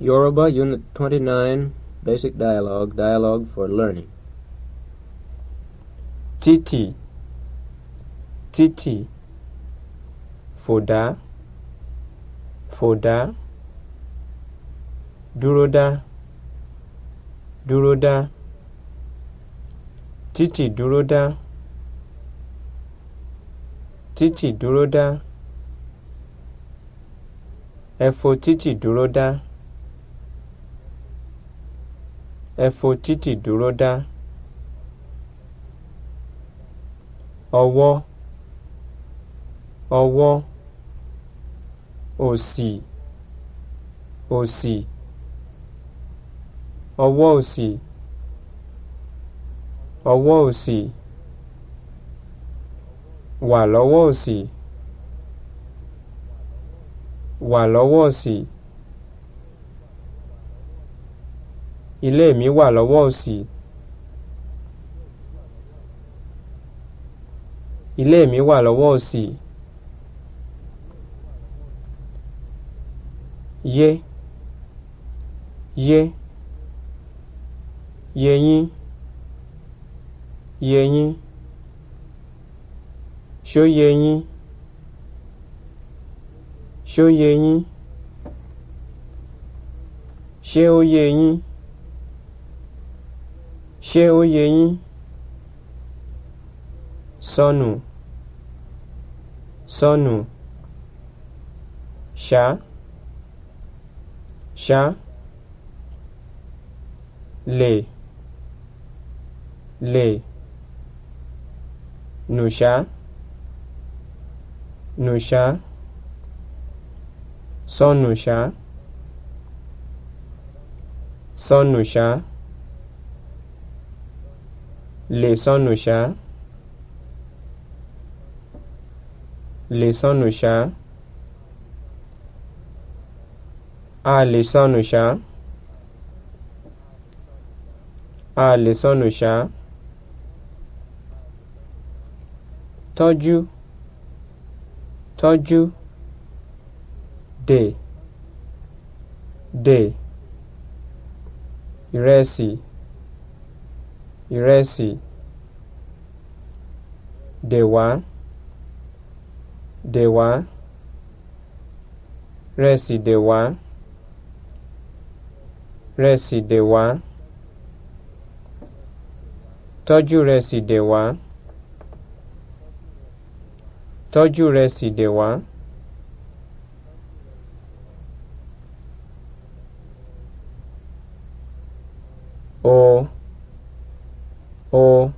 Yoruba, Unit 29, Basic Dialogue, Dialogue for Learning. Titi, Titi, Foda, Foda, Duroda, Duroda, Titi Duroda, Titi Duroda, Efo Titi Duroda. ẹ fo títì dúró dá ọwọ́ ọwọ́ òsì òsì ọwọ́ òsì ọwọ́ òsì wà lọ́wọ́ òsì wà lọ́wọ́ òsì. Ilé mi wà lọ́wọ́ òsì. Ilé mi wà lọ́wọ́ òsì. Yé yé yẹyin yẹyin ṣó yẹyin ṣó yẹyin ṣé ó yẹyin ṣé ó yé yín sọnù sọnù ṣá ṣá lè lè nùṣá nùṣá sọnùṣá sọnùṣá lè sọnù ṣá lè sọnù ṣá a lè sọnù ṣá a lè sọnù ṣá tọ́jú tọ́jú dè dè ìrẹsì ìrẹsì dẹ̀wá dẹ̀wá rẹsì dẹ̀wá rẹsì dẹ̀wá tọ́jú rẹsì dẹ̀wá tọ́jú rẹsì dẹ̀wá. or 哦。